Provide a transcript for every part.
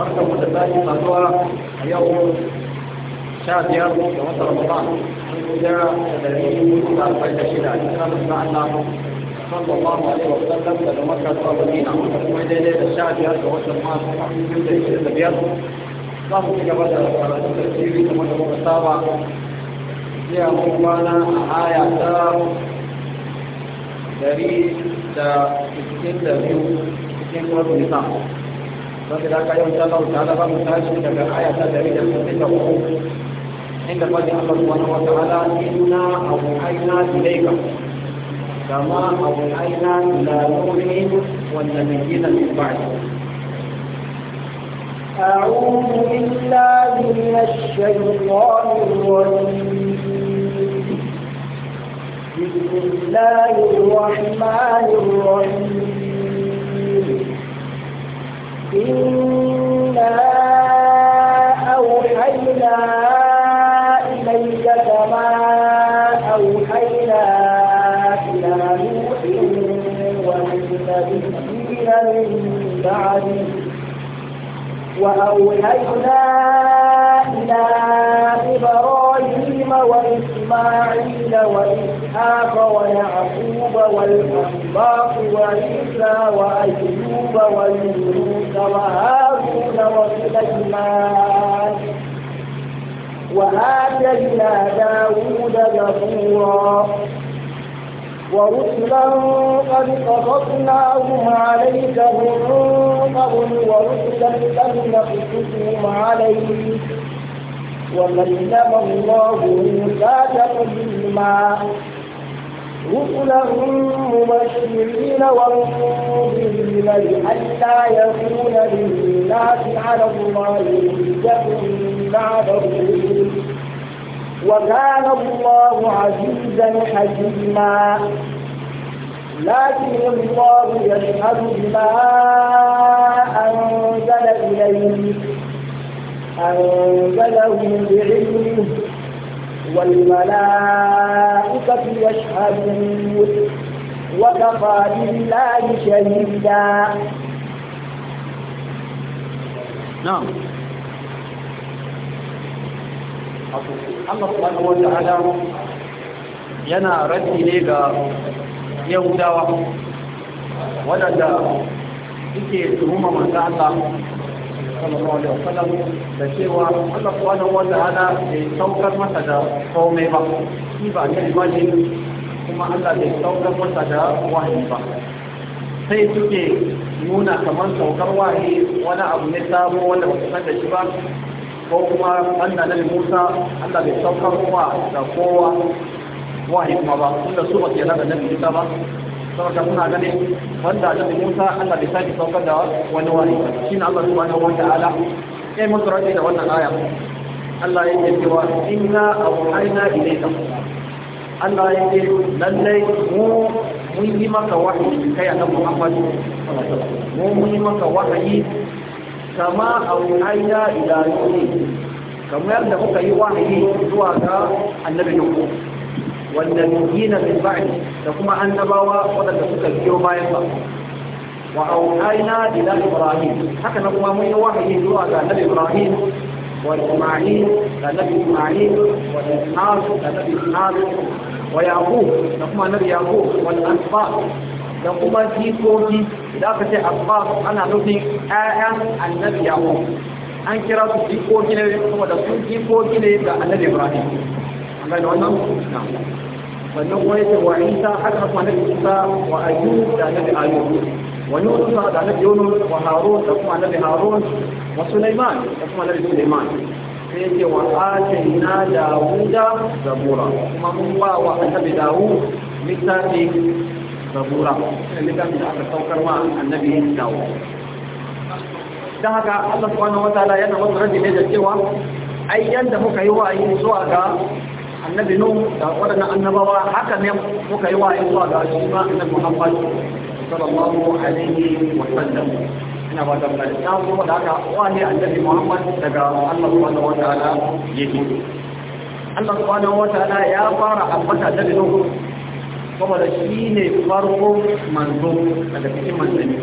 barka mu da sake a yau sha biyar da wata ramadan hijira da dari da arba'in da shida hijira da Allah sallallahu alaihi wa sallam daga makka zuwa madina kuma daidai da sha biyar da wata ramadan da ishirin da biyar za mu ci gaba da karatun tafsiri kamar da muka saba jiya mun kwana a aya ta dari da sittin da biyu cikin wata nisan فكذا قال يوم شاء الله تعالى باب تاج كما الآية تدريجا حفظه عند قول الله سبحانه وتعالى إنا أوحينا إليك كما أوحينا إلى نوح والنبيين من بعده أعوذ بالله من الشيطان الرجيم بسم الله الرحمن الرحيم إنا أوحينا إليك كما أوحينا إلى نوح والنبيين من بعده وأوحينا إلى إبراهيم وإسماعيل وإسحاق وإسحاق ويعقوب والأسباط وعيسى وأيوب ويونس وهارون وسليمان وآتينا داود زبورا ورسلا قد قصصناهم عليك من قبل ورسلا لم نقصصهم عليك وكلم الله موسى تكليما رسلهم مبشرين ومنذرين لئلا يكون للناس على الله حجة بعد الرسل وكان الله عزيزا حكيما لكن الله يشهد بما أنزل إليه أنزله بعلمه والملائكة يشهدون وكفى بالله شهيدا نعم Allah subhanahu wa ta'ala yana raddi ne ga Yahudawa waɗanda suke tuhuma manzo Allah sallallahu alaihi wasallam da cewa Allah subhanahu wa ta'ala bai saukar masa da komai ba shi ba ne imani kuma Allah bai saukar masa da wahayi ba sai suke nuna kamar saukar wahayi wani abu ne sabo wanda ba su san da shi ba ko kuma Allah nabi Musa Allah bai saukar wa da kowa wahayi kuma ba tunda su ba ke da nabi Musa ba saboda muna ganin wanda da Musa Allah bai sake saukar da wani wani shine Allah subhanahu wata'ala sai musu rabi da wannan aya Allah ya ce cewa inna auhayna ilayka Allah ya ce lallai mu mun yi maka wahayi kai annabi Muhammad mu mun yi maka wahayi kama auhayna ila nuhi kamar da muka yi wahayi zuwa ga annabi Nuhu والنبيين من بعد لكما أن نبوا وقد تكفيوا بايقا وأوحينا إلى إبراهيم حكى نقوى من واحد دعاء لنبي إبراهيم وإسماعيل لنبي إسماعيل وإسحاق لنبي إسحاق ويعقوب نقوى نبي يعقوب والأنصار da kuma jikoki da aka ce asbab ana nufin ƴaƴan annabi yaqub an kira su jikoki ne kuma da sun jikoki ne ga annabi ibrahim bai da wannan sannan kuma yake wa isa har ka kwanar isa wa ayyub da annabi ayyub wa yunus da annabi yunus wa harun da kuma annabi harun wa sulaiman da kuma annabi sulaiman sai yake wa atayna dawuda zabura kuma mun ba wa annabi dawud littafi zabura littafi da aka saukar wa annabi dawud dan haka Allah subhanahu wataala yana wasu rajin da cewa ai yanda muka yi wa'ayi zuwa ga annabi nuhu da waɗannan annabawa haka ne muka yi wa zuwa ga shi ma annabi muhammad sallallahu alaihi wa sallam ina ba da mai ta kuma da haka wani annabi muhammad daga allah subhanahu wa ta'ala ya yi allah subhanahu wa ta'ala ya fara ambata annabi nuhu saboda shi ne farko manzo daga cikin manzanni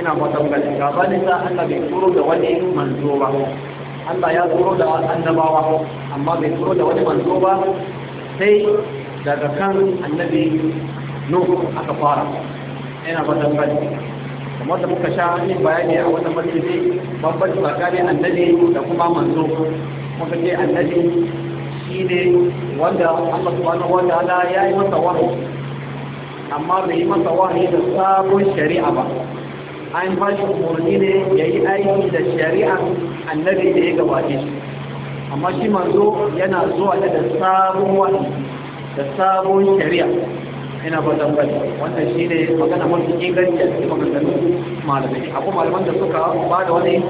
ina ba da mai gabanin sa allah bai turo da wani manzo ba Allah ya turo da annabawa amma bai turo da wani manzo ba sai daga kan annabi nuhu aka fara yana ba dangane kamar da muka sha yin bayani a wannan masjidi babban tsakanin annabi da kuma manzo muka ce annabi shi ne wanda Allah subhanahu wa ta'ala ya yi masa wahayi amma bai yi masa wahayi da sabon shari'a ba an ba shi umarni ne ya yi aiki da shari'a annabi da ya gabace shi amma shi manzo yana zuwa da sabon wani da sabon shari'a yana ba tambari wannan shi ne magana mafi inganci da cikin maganganun malamai akwai malaman da suka ba da wani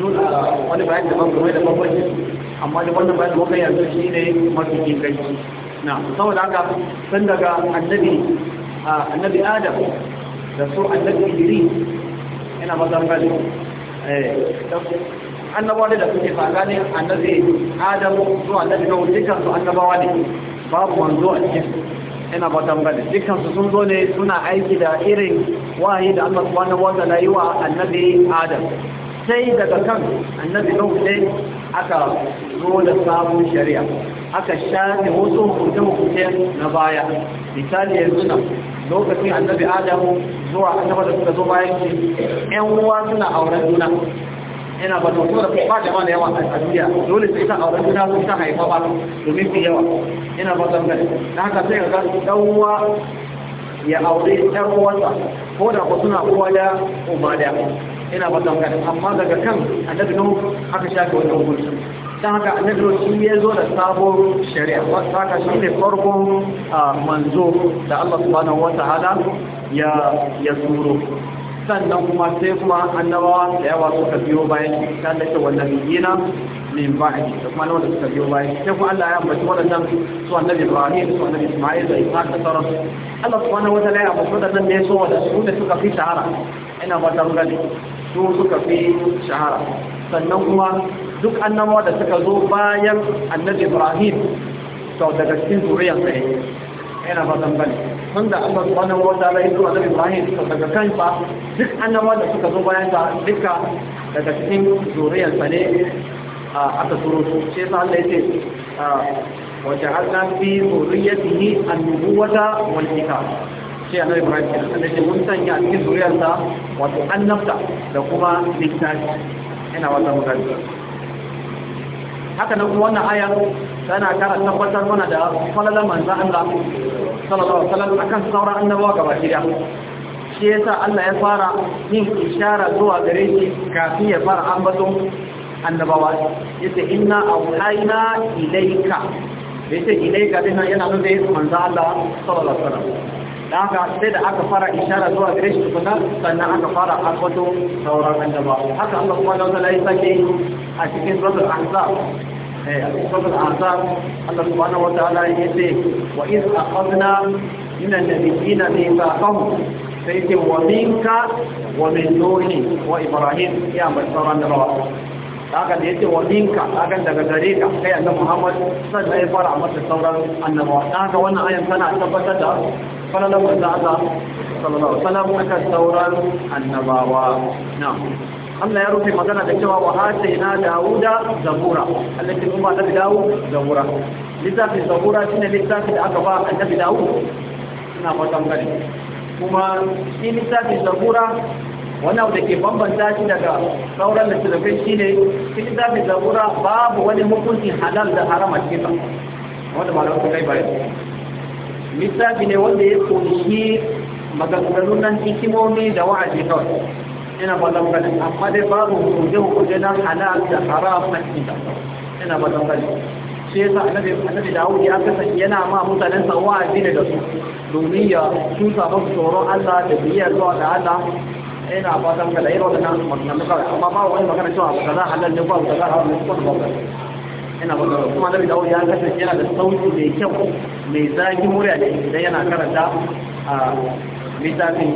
nuna wani bayan da ban game da bambanci amma da wannan bayan da muka yanzu shi ne mafi inganci na saboda haka sun daga annabi annabi adam da su annabi iri yana ba da eh annabawa ne da suke tsakanin annabi adamu zuwa annabi nuhu dukkan su annabawa ne babu manzo a cikin ina ba tambaya dukkan su sun zo ne suna aiki da irin wahayi da Allah subhanahu wa ta'ala yi wa annabi adam sai daga kan annabi nuhu ne aka zo da sabon shari'a aka shafe wasu hukunce-hukunce na baya misali yanzu nan lokacin annabi adamu zuwa annabi da suka zo bayan shi yan uwa suna auren juna yana ba da wata ba jama'a da yawa a duniya dole sai ta auren juna sun ta haifa ba domin fi yawa yana ba da na haka sai ga dan uwa ya aure ɗan uwansa ko da ba suna uwa da uba da yana ba da amma daga kan annabi nuhu aka shafe wannan hukunci ta haka annabi shi ya zo da sabon shari'a wata haka shi ne farkon ah, manzo da Allah subhanahu wa ta'ala ya ya turo sannan kuma sai kuma annabawa da yawa suka biyo bayan ta da ke wannan yana min ba'di da kuma wanda suka biyo bayan sai kuma Allah ya ambaci wadannan su annabi Ibrahim su annabi Isma'il da Isa da sauran Allah subhanahu wa ta'ala ya ambaci wadannan ne so da su da suka fi shahara ina ba ta gani su suka fi shahara sannan kuma duk annabawa da suka zo bayan annabi Ibrahim to daga cikin zuriyarsa ne yana ba zan bane tun da Allah subhanahu wa wata bai zuwa da Ibrahim daga kansa duk annaba da suka zo bayan sa duka daga cikin zuriyar sa ne aka turo su sai sa Allah ya ce wa ja'alna fi zuriyatihi an-nubuwata wal kitab sai annabi Ibrahim ya da mun sanya a cikin zuriyar sa wato annabta da kuma littafi yana wata magana haka nan kuma wannan aya tana kara tabbatar mana da falalar manzan Allah sallallahu alaihi wasallam akan sauran annabawa gaba gida shi yasa Allah ya fara yin ishara zuwa gare shi kafin ya fara ambaton annabawa yace inna auhayna ilayka yace ilayka din yana nuna manzan Allah sallallahu alaihi wasallam da haka sai da aka fara ishara zuwa gare shi tukuna sannan aka fara ambaton sauran annabawa haka Allah subhanahu wa ta'ala ya sake a cikin suratul ahzab سورة الأعصاب الله سبحانه وتعالى يقول وإذ أخذنا من النبيين ميثاقهم سيدي ومنك ومن نوح وإبراهيم يا مبشرا رواه haka da yake walinka hakan daga gare ka kai annabi Muhammad sallallahu ya fara masa sauran annabawa haka wannan ayan tana tabbatar da falalan manzo Allah sallallahu alaihi wasallam akan sauran annabawa na'am Allah ya rufe magana da cewa wa hataina Dawuda zabura allati kuma da Dawud zabura littafin zabura shine littafin da aka ba annabi Dawud ina fatan gani kuma shi littafin zabura wani abu da ke bambanta shi daga sauran littattafai shi ne shi littafin zabura babu wani hukuncin halal da haram a cikin sa wanda malamu su kai bayan littafi ne wanda ya kunshi maganganun nan hikimomi da wa'azi kawai ina ballon gani amma dai babu kuje kuje na halal da haram na cikin ina ballon gani sai yasa annabi annabi Dawud ya kasance yana ma mutanen sa wa'azi daga su domin ya tusa musu tsoron Allah da biyar zuwa ga Allah ina fatan ga dai wannan magana kawai amma ba wani magana cewa ba kaza halal ne ba kaza haram ne ba ba ina ba kuma annabi Dawud ya kasance yana da sauki mai kyau mai zagi murya da idan yana karanta a littafin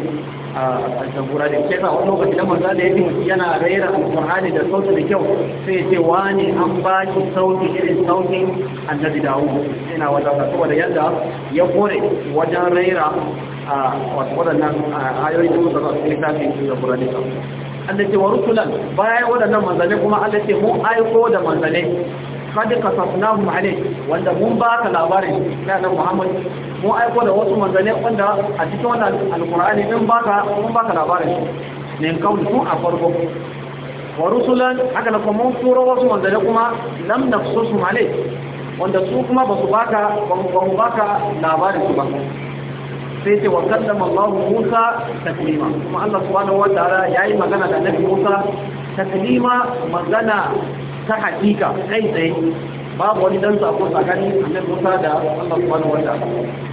a shagura da ke wani lokaci da manzo da yake yana raira alqur'ani da sauti da kyau sai ce wani an ba ki sauti irin sautin annabi dawud ina wata saboda yadda ya kore wajen raira a waɗannan ayoyi da suka zafi littafin su da burane kan Allah ce wa rusulan bayan waɗannan manzane kuma Allah ce mun aiko da manzane kadi kasafnahum alayk wanda mun ba ka labarin na Muhammad mun aiko da wasu manzane wanda a cikin wannan alkur'ani din baka mun baka labarin shi ne kawai tun a farko wa rusulan haka na kuma mun turo wasu manzane kuma lam nafsusu male? wanda su kuma ba su baka ba mu baka labarin su ba sai ce wa kallama Allah Musa taklima kuma Allah subhanahu wa ta'ala yayi magana da Annabi Musa taklima magana ta hakika kai tsaye babu wani dan sako tsakanin Annabi Musa da Allah subhanahu wa ta'ala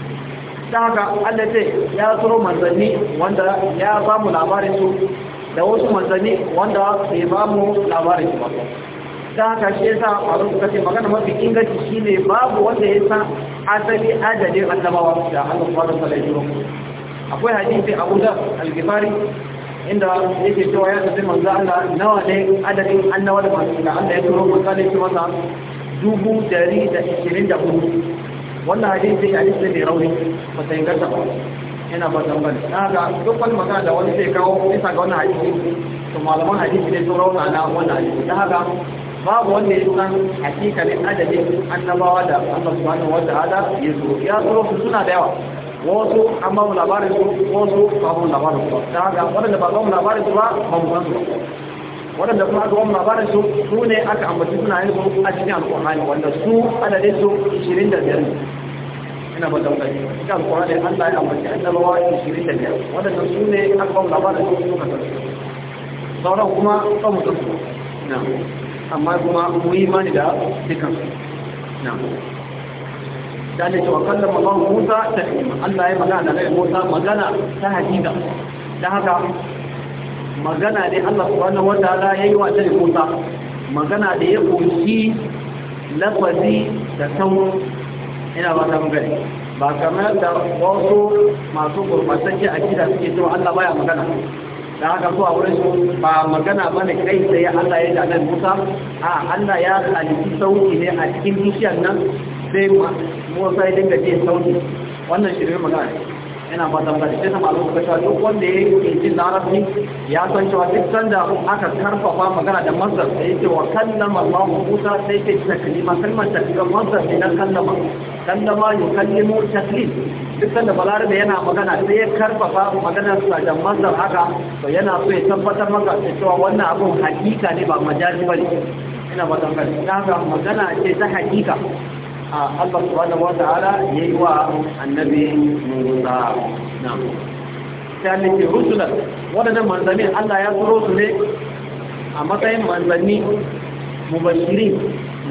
ta haka Allah ce ya tsoro manzanni wanda ya ba mu labarin su da wasu manzanni wanda bai ba mu labarin su ba haka shi sa masu suka ce magana mafi inganci ne babu wanda ya sa asali adadin annabawa da hannun kwanon wa ta'ala akwai hadisi Abu Dhar al-Ghifari inda yake cewa ya tafi manzo Allah nawa ne adadin nawa da manzo Allah ya turo manzo ne masa dubu dari da ishirin da hudu wannan hadisi hadisi ne rauni ba ta inganta ba yana ba zamban na duk wani magana da wani zai kawo isa ga wannan hadisi to malaman hadisi ne sun rauna na wannan hadisi ta haka babu wanda ya san hakikalin adadin annabawa da Allah subhanahu wataala ya zo ya zo su suna da yawa wasu an ba mu labarin su wasu ba mu labarin su ta haka wanda ba mu labarin su ba ba mu san su waɗanda kuma aka wani labarin su su ne aka ambaci suna yin su a cikin alƙur'ani wanda su adadin su shirin da biyar ina ba da wani cikin alƙur'ani Allah ya ambaci da biyar waɗanda su ne aka wani labarin su suka san su sauran kuma kan mutum su amma kuma mu yi mani da dukkan su na da ne cewa kallon mamman musa ta Allah ya magana da Musa magana ta hadida da haka magana ne Allah subhanahu ta'ala yayi wa ta Musa magana da ya kunshi lafazi da samu ina ba ta gani ba kamar da wasu masu gurbatacce a gida suke cewa Allah baya magana da haka so a wurin su ba magana bane kai sai Allah ya da nan Musa a Allah ya halitta sauki ne a cikin dukiyar nan sai Musa ya dinga ji sauki wannan shirin magana ina ba ta bari sai sama lokacin duk wanda ya yi jin larabci ya san cewa duk sanda aka karfafa magana da masar da ce wa kallama Allah Musa sai ce taklima kalmar taklima masar ne na kallama kallama ya kallimu taklim duk sanda balarabe yana magana sai ya karfafa magana sa da masar haka to yana so ya tabbatar maka cewa wannan abun hakika ne ba majaji bane ina ba ta magana ce ta hakika Allah subhanahu wa ta'ala ya yi wa annabi Musa na ta rusulan waɗannan manzanni Allah ya turo su ne a matsayin manzanni mubashiri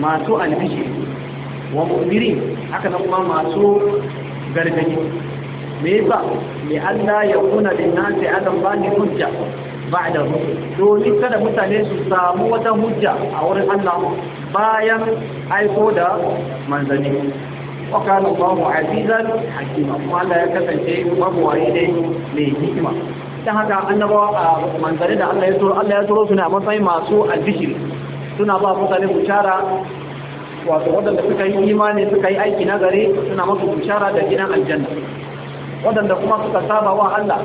masu albishi wa mubiri haka nan kuma masu gargaɗi me yasa me Allah ya kuna lin nasi adam ba ni hujja ba'da rusul domin kada mutane su samu wata hujja a wurin Allah bayan aiko da manzanni wa kana Allahu azizan hakima kuma Allah ya kasance mabuwayi ne mai hikima dan haka annabawa a manzanni da Allah ya turo Allah ya turo su matsayin masu albishiri suna ba mutane bishara wato waɗanda suka yi imani suka yi aiki na gare suna masu bishara da gidan aljanna waɗanda kuma suka saba wa Allah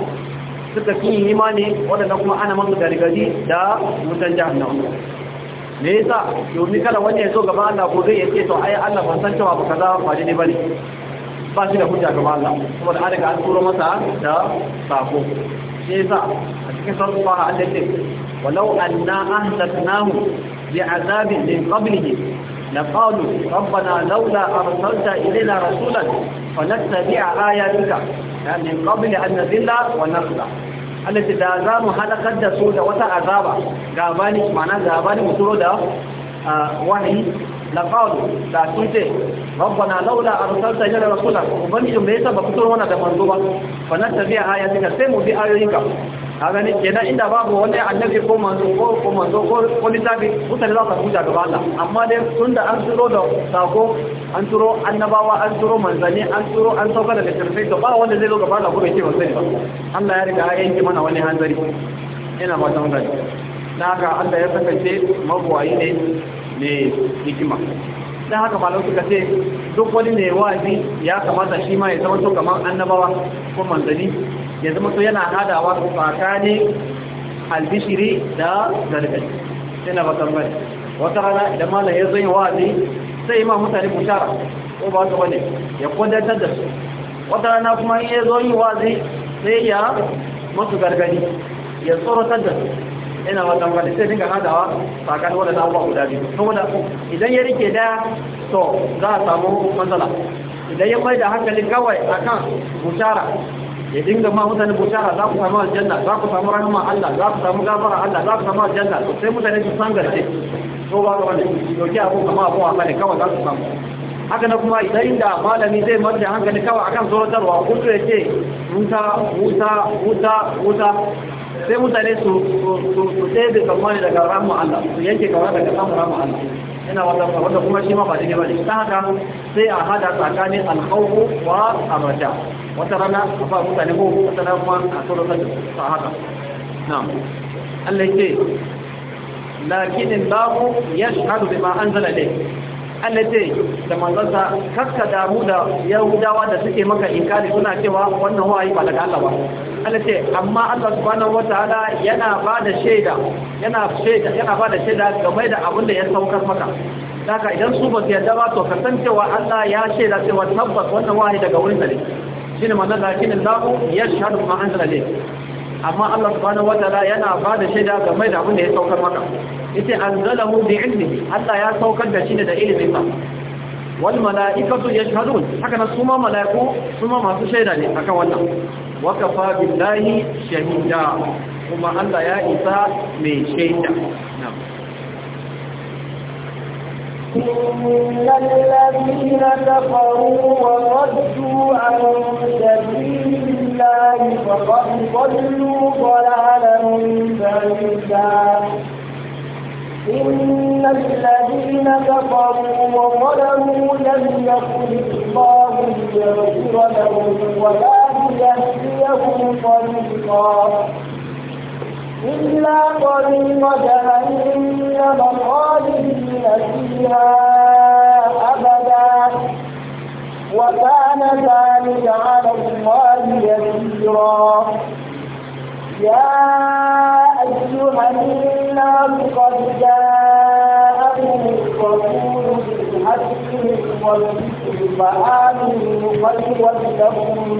suka fi imani waɗanda kuma ana masu gargadi da mutan jahannama me yasa domin kada wanda ya so gaba Allah ko zai yace to ai Allah ban san cewa ba kaza ba daidai bane ba shi da hujja gaba Allah kuma da aka an turo masa da sako shi yasa a cikin sarrafa Allah Allah ce walau anna ahlaknahu bi'azabin min qablihi لقالوا ربنا لولا أرسلت إلينا رسولا فنتبع آياتك من قبل أن نذل ونخلع alati da za mu halakar da su da wata azaba gabani mana ga mu musuro da wani laqalu da kunte rabbana laula arsalta ila rasulaka ubangiji me yasa ba ku da manzo ba fa na tabi'a ayatika sai mu bi ayoyinka ka gani kenan inda babu wani annabi ko manzo ko ko manzo ko ko littafi mutane za su huta gaba Allah amma dai tunda an turo da sako an turo annabawa an turo manzani an turo an sauka da littafai to ba wanda zai zo gaba Allah ko bai ce manzanni ba Allah ya riga ya yanke mana wani hanzari ina ba tan gani dan haka Allah ya kasance magwayi ne ne hikima dan haka malau suka ce duk wani ne wazi ya kamata shi ma ya zama to kamar annabawa ko manzani? ya zama so yana hadawa tsakanin albishiri da gargaɗi yana bakambar wata rana idan malam ya zai wazi sai yi ma mutane bushara ko ba su wane ya kwadatar da su wata rana kuma ya zo yi sai ya masu gargadi. ya tsoratar da su yana watan wani sai dinga hadawa tsakanin wadanda abubuwa guda biyu saboda idan ya rike da to za a samu matsala idan ya kwai da hankali kawai akan bushara ya dinga ma mutane bushara za ku samu aljanna za ku samu rahama Allah za ku samu gafara Allah za ku samu aljanna to sai mutane su san garce to ba ga wani ke abu kama abu a kane kawai za su samu haka na kuma idan da malami zai marta hankali kawai akan tsoratarwa kuntu ya ce wuta wuta wuta wuta sai mutane su su tsaye da tsammani daga ramu Allah su yanke kawai daga samu ramu Allah ina wanda wanda kuma shi ma ba daidai ba ne ta haka sai a hada tsakanin alhauku wa arraja wata rana a ba mutane ko wata rana kuma a tsoron da su a haka na'am Allah ce lakinin babu ya shahadu bi ma anzala ne Allah ce da manzansa kakka mu da yahudawa da suke maka inkari suna cewa wannan wahayi ba daga Allah ba Allah ce amma Allah subhanahu wataala yana ba shaida yana shaida yana ba shaida game da abin da ya saukar maka daga idan su ba su yarda ba to ka san cewa Allah ya shaida cewa tabbas wannan wahayi daga wurin ne shine ma'anar lakin ya yashhadu ma anzala ilayk amma Allah subhanahu wataala yana ba da shaida game da abin da ya saukar maka yace anzalahu bi ilmihi Allah ya saukar da shi da ilimin sa wal malaikatu yashhadun haka na suma malaiku suma masu shaida ne akan wannan wa kafa billahi shahida kuma Allah ya isa mai shaida na'am إن الذين كفروا وَرَدُّوا عن سبيل الله فقد ضلوا ضلالا بعيدا إن الذين كفروا وظلموا لم يكن الله ليغفر لهم ولا ليهديهم طريقا إلا طريق جهنم خالدين فيها أبدا وكان ذلك على الله يسيرا يا أيها الناس قد جاءكم الرسول بالحق والذكر فآمنوا خيرا لكم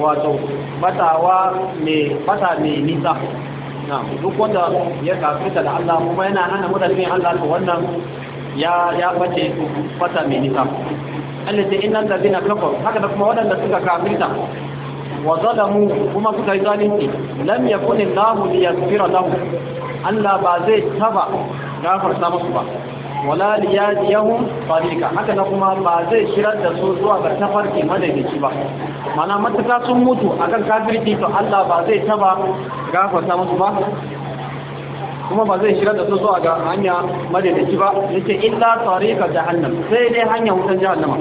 wato batawa mai bata mai nisa na duk wanda ya kafirta da Allah kuma yana hana mutane Allah to wannan ya ya bace su bata mai nisa Allah ta inna allazina haka da kuma wadanda suka kafirta wa zalamu kuma suka yi zalunci lam yakun Allah liyaghfira lahum Allah ba zai taba gafarta musu ba wala liyadiyahum tariqa haka na kuma ba zai shirar da su zuwa ga tafarki madaidaici ba mana mataka sun mutu akan kafirci to Allah ba zai taba gafarta musu ba kuma ba zai shirar da su zuwa ga hanya madaidaici ba yace illa tariqa jahannam sai dai hanya wutan jahannama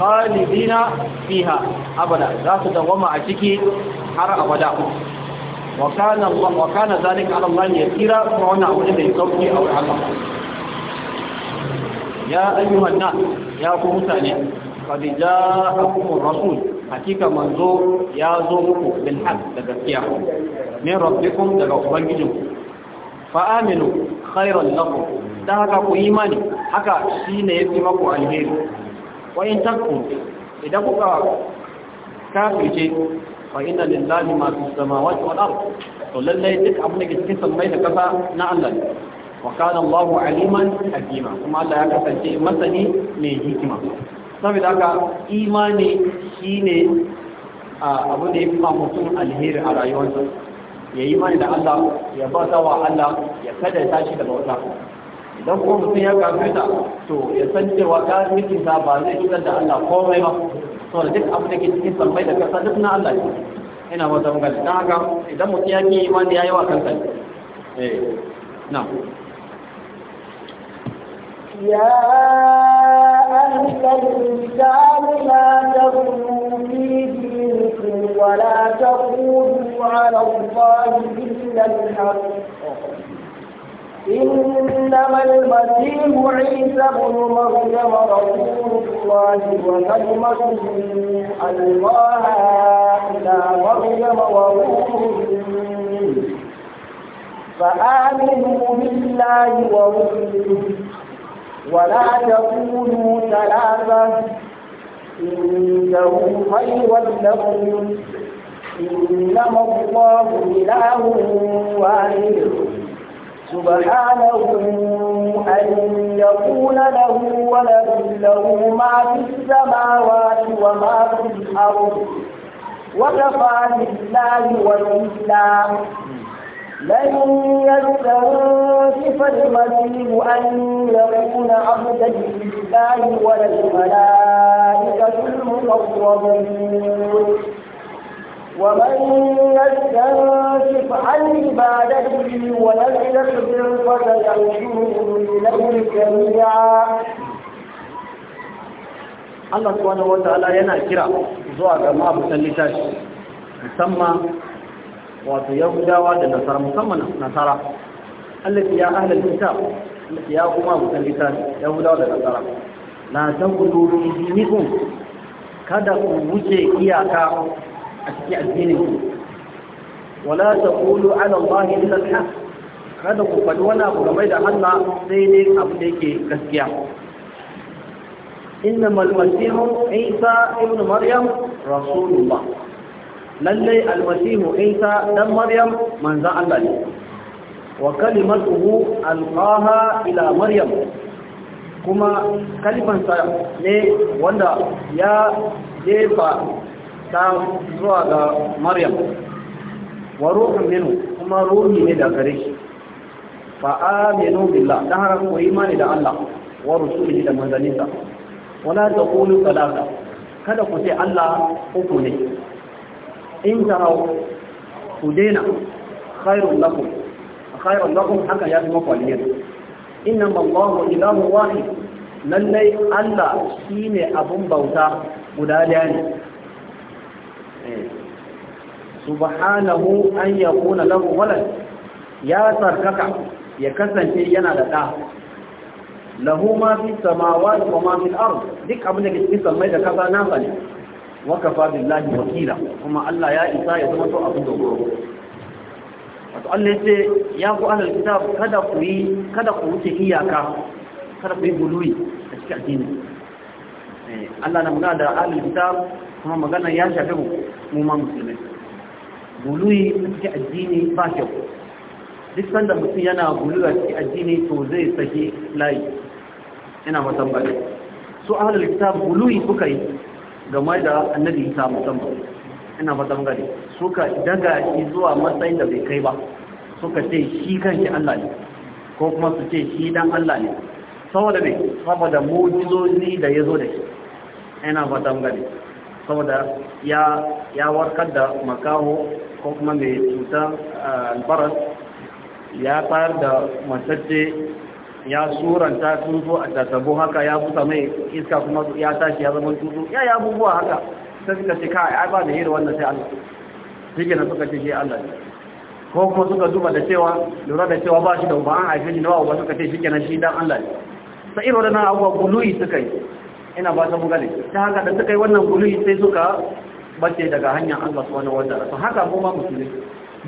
khalidina fiha abada za su dawama a ciki har abada وكان الله وكان ذلك على الله يسيرا فهنا أولئك يسوكي أو العلم ya ayyuhan nas ya ku mutane qad ja'akum rasul hakika manzo ya zo muku bil haqq da gaskiya ne rabbikum daga ubangijinku fa aminu khairan lakum da haka ku imani haka shine yafi maku alheri wa in takfur idan kuka kafirce fa inna lillahi ma fis samawati wal ard to lallai duk abin da ke cikin sammai da kasa na Allah wa kana Allahu aliman hakima kuma Allah ya kasance masani mai hikima saboda haka imani shine abin da ya fi mutum alheri a rayuwarsa ya yi imani da Allah ya bauta wa Allah ya kada ya tashi daga bauta idan kuma mutum ya kafirta to ya san cewa kafircin sa ba zai cutar da Allah komai ba saboda duk abin da ke cikin sammai da kasa duk na Allah ne ina mata magana don haka idan mutum ya ke imani ya yi wa kansa eh na يا أهل لا ولا تقولوا على الله إلا الحق إنما المسيح عيسى بن مريم رسول الله وكلمته الله إلى مريم وروحه فآمنوا بالله ورسله ولا تقولوا ثلاثة إنه خير لكم إنما الله إله واحد سبحانه أن يكون له ولد له ما في السماوات وما في الأرض وكفى بالله وكيلا لن يستنكف المسيح أن يكون عبدا لله ولا الملائكة المقربون ومن يستنكف عن عبادته ولم يكبر فسيحشرهم إليه جميعا Allah subhanahu wa ta'ala yana kira zuwa ga mabutan littafi musamman wato yahudawa da nasara musamman nasara allati ya ahlal kitab allati ya kuma mutan kitab yahudawa da nasara la taqulu fi dinikum kada ku wuce iyaka a cikin addinin ku wala taqulu ala allahi illa alhaq kada ku faɗi wani abu game da Allah sai dai abu da yake gaskiya innamal masihu isa ibn maryam rasulullah lallai almasihu isa dan maryam manzan Allah ne wa kalimatuhu alqaha ila maryam kuma kalifansa ne wanda ya jefa ta zuwa ga maryam wa ruhun minu kuma ruhi ne da gare shi fa aminu billah dan har ko imani da Allah wa rusulihi da manzalinsa wala taqulu salata kada ku ce Allah uku ne in tarau ku daina khairun lakum khairun lakum haka ya fi maku alheri inna Allahu ilahu wahid lallai Allah shine abun bauta guda daya ne subhanahu an yakuna lahu walad ya tsarkaka ya kasance yana da da lahu ma fi samawati wa ma fil ard duk abin da ke cikin samai da kasa nasa ne wa kafa billahi wakila kuma Allah ya isa ya zama to abin dogoro wato Allah yace ya ku ahlul kitab kada ku yi kada ku wuce iyaka kada ku yi guluwi a cikin addini Allah na magana da ahlul kitab kuma magana ya shafi mu ma musulmai guluwi a cikin addini ba kyau duk sanda mutum yana buluyi a cikin addini to zai saki layi ina fatan bare su ahlul kitab guluwi kuka yi game da annabi isa musamman ina fatan gari suka daga zuwa matsayin da bai kai ba suka ce shi kanshi Allah ne ko kuma su ce shi dan Allah ne saboda me saboda mujizozi da yazo da shi ina fatan gari saboda ya ya warkar da makaho ko kuma mai cutar eh, albaras ya tayar da matacce ya suranta tuntu a tattabu haka ya buta mai iska kuma ya tashi ya zama tuntu ya yi abubuwa haka sai suka ce kai ai ba da yi da wannan sai Allah shi na suka ce shi Allah ko kuma suka zuba da cewa lura da cewa ba shi da uba an haifin shi ba uba suka ce shi na shi dan Allah sai irin wannan abubuwa guluyi suka yi ina ba ta mu ta haka da suka yi wannan guluyi sai suka bace daga hanyar Allah su wani wadda to haka kuma musulmi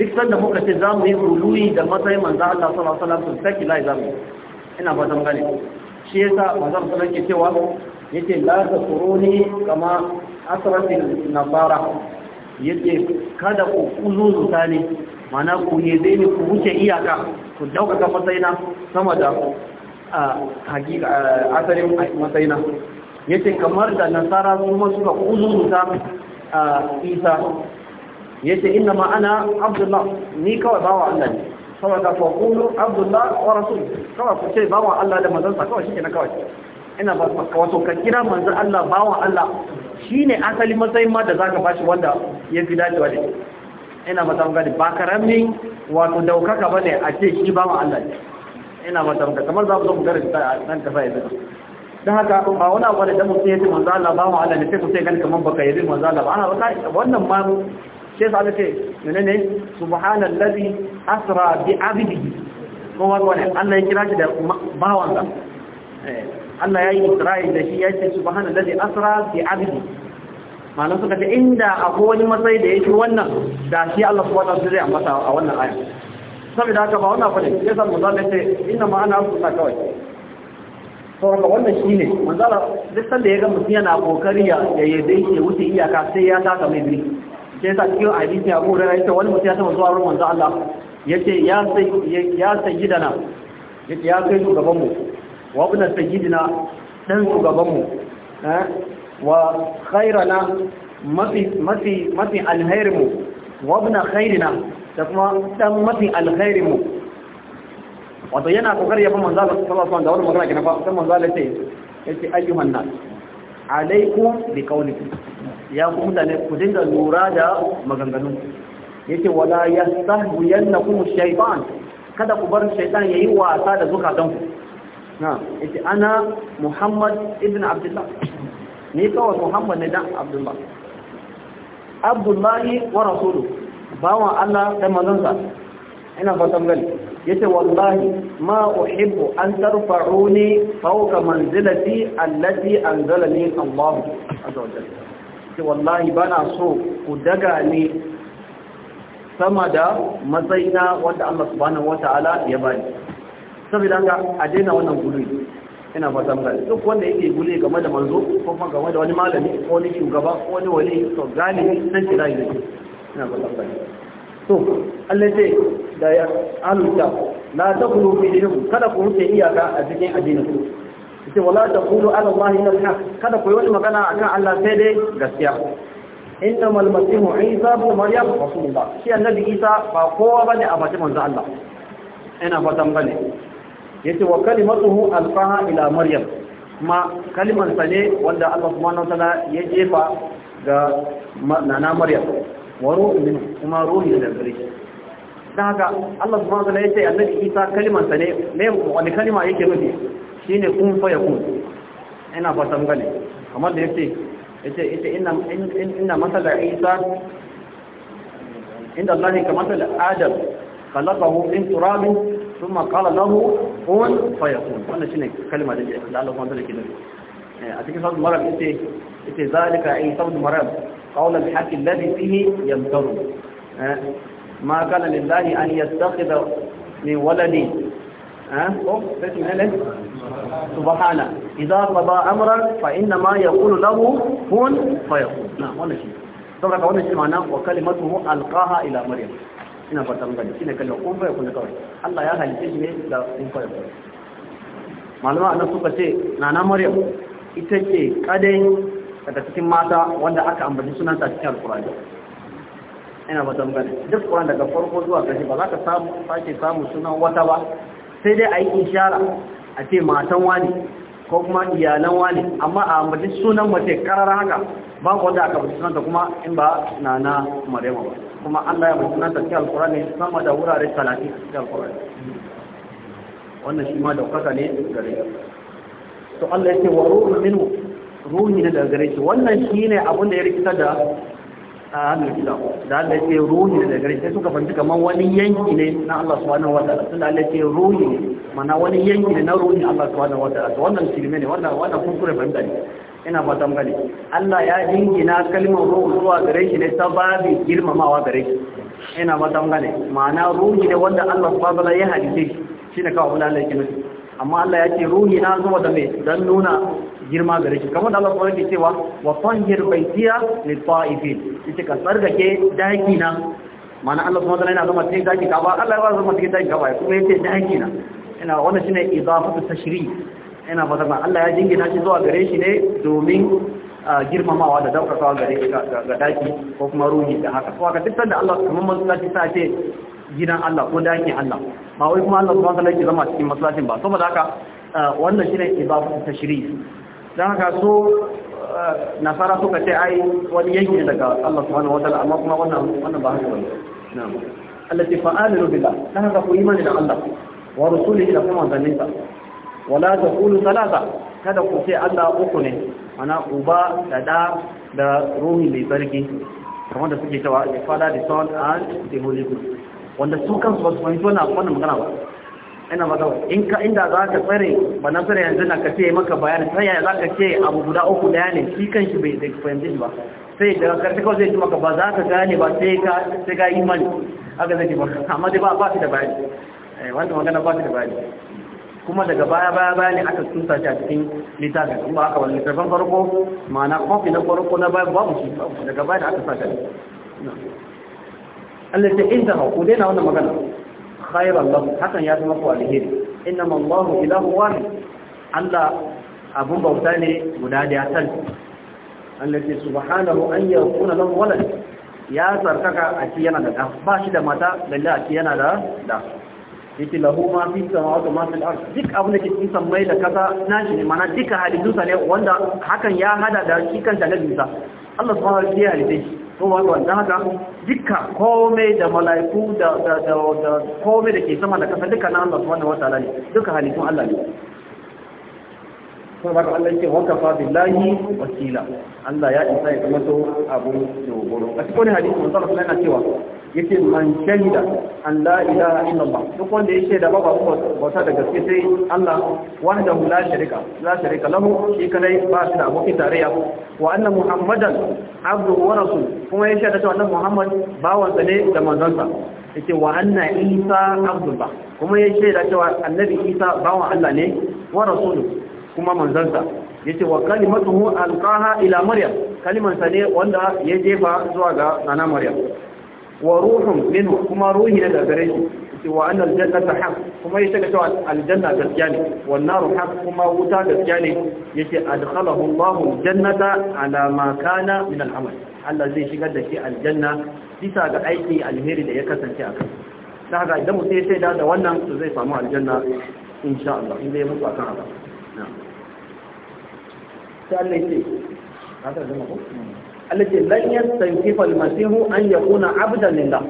duk sanda muka ce za mu yi guluyi da matsayin manzan Allah sallallahu alaihi wasallam to sai kila zamu yi ina ba zan gane shi yasa zan sallallahu cewa yace la tasuruni kama asratil nasara yace kada ku kuzuzu tani mana ku ne zai ne ku wuce iyaka ku dauka fasaina sama da hakika asalin matsayina yace kamar da nasara su ma suka kuzuzu ta isa yace inna ma ana abdullah ni kawai bawa Allah ne saboda ka kulu abdullah wa rasul kawai ku ce bawan Allah da manzansa kawai shi na kawai ina ba ka wato ka kira manzan Allah bawan Allah shine asali matsayin ma da zaka bashi wanda ya fi dacewa da ina ba tamka ba karamin wato daukaka bane a ce shi bawan Allah ina ba tamka kamar za mu zo mu garanta nan ka sai don haka ba wani abu da mutum ya ce manzo Allah ba mu Allah ne sai ku sai gani kaman baka yi manzo Allah ba ana ba wannan ma sai sa ce menene subhanallazi asra bi abidi ko wani Allah ya kira shi da bawansa eh, Allah ya yi Isra'il da shi ya ce subhanallazi asra bi abdihi malan suka ce inda akwai wani matsayi da yake wannan da shi Allah subhanahu wa ta'ala zai ambata a wannan aya saboda haka ba wannan fa ne sai san manzo ce inna ma ana afuta kawai to haka wannan shine manzo duk sanda ya ga mutum yana kokari ya yadda yake wuce iyaka sai ya taka mai biri sai sa cikin hadisi Abu Hurairah ita wani mutum ya taba zuwa wurin manzo Allah yace ya sai ya sayyidana yace ya kai shugaban mu wa na sayyidina dan shugaban mu eh? wa khairana mafi mafi mafi alhairin wa ibn khairina da kuma ɗan mafi alkhairin mu wato yana kokari ya fa manzo Allah sallallahu alaihi da wani magana kina fa sai manzo ce yace yace ayyuhan nas alaikum bi qawlikum ya ku mutane ku dinga lura da maganganun yake wala yastahbu yanakum shaytan kada ku bar shaytan yayi wasa da zukatan ku na yace ana muhammad ibn abdullah ni kawai muhammad ne dan abdullah Abdullahi wa rasuluhu bawa allah da manzonsa ina fatan gani yace wallahi ma uhibbu an tarfa'uni fawqa manzilati allati anzalani allah azza wajalla yace wallahi bana so ku daga ni sama da matsayina wanda Allah subhanahu wata'ala ya bani saboda ga a daina wannan guri ina fata muka duk wanda yake guri game da manzo ko kuma game da wani malami ko wani shugaba ko wani wali to galibi nan kira ne ina fata muka to Allah ce da ya aluta la taqulu fi dinikum kada ku huce iyaka a cikin ku sai wala taqulu ala allahi illa al kada ku yi wani magana akan Allah sai dai gaskiya innamal masihu isa ibn maryam rasulullah shi annabi isa ba kowa bane a mace manzo Allah ina fatan bane yace wa kalimatuhu alqaha ila maryam Ma kalman sa ne wanda Allah subhanahu wataala ya jefa ga nana maryam wa ruhi min kuma ruhi da zuri dan haka Allah subhanahu wataala yace annabi isa kalman sa ne me wani kalima yake nufi shine kun fa yakun ina fatan bane kamar da yace ita ita inna inna masala isa inda Allah ka masala adam khalaqahu min turab thumma qala lahu kun fayakun wannan shine kalma da da Allah wanda yake da a cikin sautin maram ita ita zalika ai sautin maram qawlan haqqi alladhi fihi yamtaru ma kana lillahi an yastakhidha min waladin subhana ba qada amran fa inna ma yaqulu lahu kun fayakun na wannan shi saboda ka wannan shi ma'ana wa kalimatuhu alqaha ila maryam ina fatan gani shine kallon kun fayakun kawai Allah ya halice shi ne da kun fayakun malama annan suka ce nana maryam ita ce kadai daga cikin mata wanda aka ambaci sunanta cikin alkurani ina ba gani duk kuran daga farko zuwa ƙarshe ba za ka samu sake samu sunan wata ba sai dai a yi inshara a ce matan wani ko kuma iyalan wani amma a mace sunan mace karar haka ba ku wanda aka fi sunanta kuma in ba na na maryama ba kuma Allah ya fi sunanta cikin ne sama da wurare talatin cikin ne wannan shi ma daukaka ne gare to Allah ya ce wa ruhu minhu ruhi ne daga gare shi wannan shine abin da ya rikita da a hannun gida da Allah ya ce ruhi ne daga sai suka fanci kamar wani yanki ne na Allah subhanahu wa ta'ala tunda Allah ya ce ruhi ne mana wani yanki ne na ruhi Allah subhanahu wa ta'ala to wannan shirme ne wannan wannan kuskure fahimta ne ina fatan gani Allah ya jingina kalmar ruhu zuwa gare shi ne ta babu girmamawa gare shi ina fatan gani ma'ana ruhi ne wanda Allah subhanahu wa ta'ala ya halice shi ne kawai Allah ya ce amma Allah ya ce ruhi na zuwa da me dan nuna girma gare shi kamar da Allah kuma yake cewa wa tanhir baitiya li ta'ifin yace ka tsarkake daki na mana Allah kuma yana zama cikin daki ka ba Allah ya zama cikin daki ka ba kuma yace daki na ina wannan shine idafatu tashri ina zama Allah ya jingina shi zuwa gare shi ne domin girmamawa da daukakawa gare ga daki ko kuma ruhi da haka kuma ka tattar da Allah kamar masallaci ta ce gidan Allah ko dakin Allah ba wai kuma Allah kuma wa yake zama cikin masallacin ba saboda haka wannan shine ibadatu tashri don haka so eh, nasara suka ce ai wani yanki daga Allah subhanahu wataala amma kuma wannan wannan ba haka bane na'am allati fa'alu billah don haka ku imani da Allah wa rasulihi da kuma sa. wala taqulu salasa kada ku ce Allah uku ne ana uba da da da ruhi mai sarki kamar da suke cewa the father the son and the holy ghost wanda su kansu ba su fahimci wannan wannan magana ba ina magana in ka inda za ka tsare ba na tsare yanzu na ka ce maka bayani sai ya za ka ce abu guda uku da ne shi kan bai da fahimci ba sai daga ta kawai zai ji maka ba za ka gane ba sai ka sai ka imani aka zai ba amma dai ba ba shi da bayani eh, wannan magana ba shi da bayani kuma daga baya baya baya ne aka tsunta shi a cikin litafin kuma aka wani littafin farko ma'ana kofi na farko na baya babu shi daga baya da aka sa shi Allah ta intaha ku na wannan magana khairan lahu hakan ya zama ku alheri innama Allahu ilahu wahid Allah abun bauta ne guda da san Allah ce subhanahu an yakuna lahu walad ya sarkaka a ci yana da ba shi da mata lalle a ci yana da da yake lahu ma fi samawati ma fil ardh duk abin da ke cikin samai da kasa nashi ne mana duka halittun sa ne wanda hakan ya hada da shi kanta na bisa Allah subhanahu wa ta'ala ya halitta shi kuma wanda haka dukka komai da mala'iku da komai da ke sama da kasa duka na Allah wata ala ne duka halittun Allah ne kuma baka Allah yake fabi layi wakila Allah ya isa ya zama to da dogoro a cikin hadisi manzo Allah yana cewa ya ce man shahida an la inda ba. duk wanda ya ce da baba ko bauta da gaske sai Allah wahdahu la sharika la sharika lahu shi kadai ba su da abokin tarayya wa anna muhammadan abu wa rasul kuma ya shaida cewa annabi Muhammad bawansa ne da manzonsa yace wa anna Isa abdullah kuma ya shaida cewa annabi Isa bawan Allah ne wa rasuluhu kuma manzonsa yace wa kalimatuhu alqaha ila maryam kalimansa ne wanda ya jefa zuwa ga nana maryam wa ruhun minhu kuma ruhi ne daga gare shi yace wa anna aljannata haq kuma yace ga cewa aljanna gaskiya ne wan naru haq kuma wuta gaskiya ne yace adkhalahu Allahu aljannata ala ma kana min al'amal Allah zai shigar da shi aljanna bisa ga aiki alheri da ya kasance a kai da haka idan mutum ya shaida da wannan to zai samu aljanna insha Allah in zai mutu akan haka sai Allah ya ce haka zama ko Allah ce lan yastankifa almasihu an yakuna abdan lillah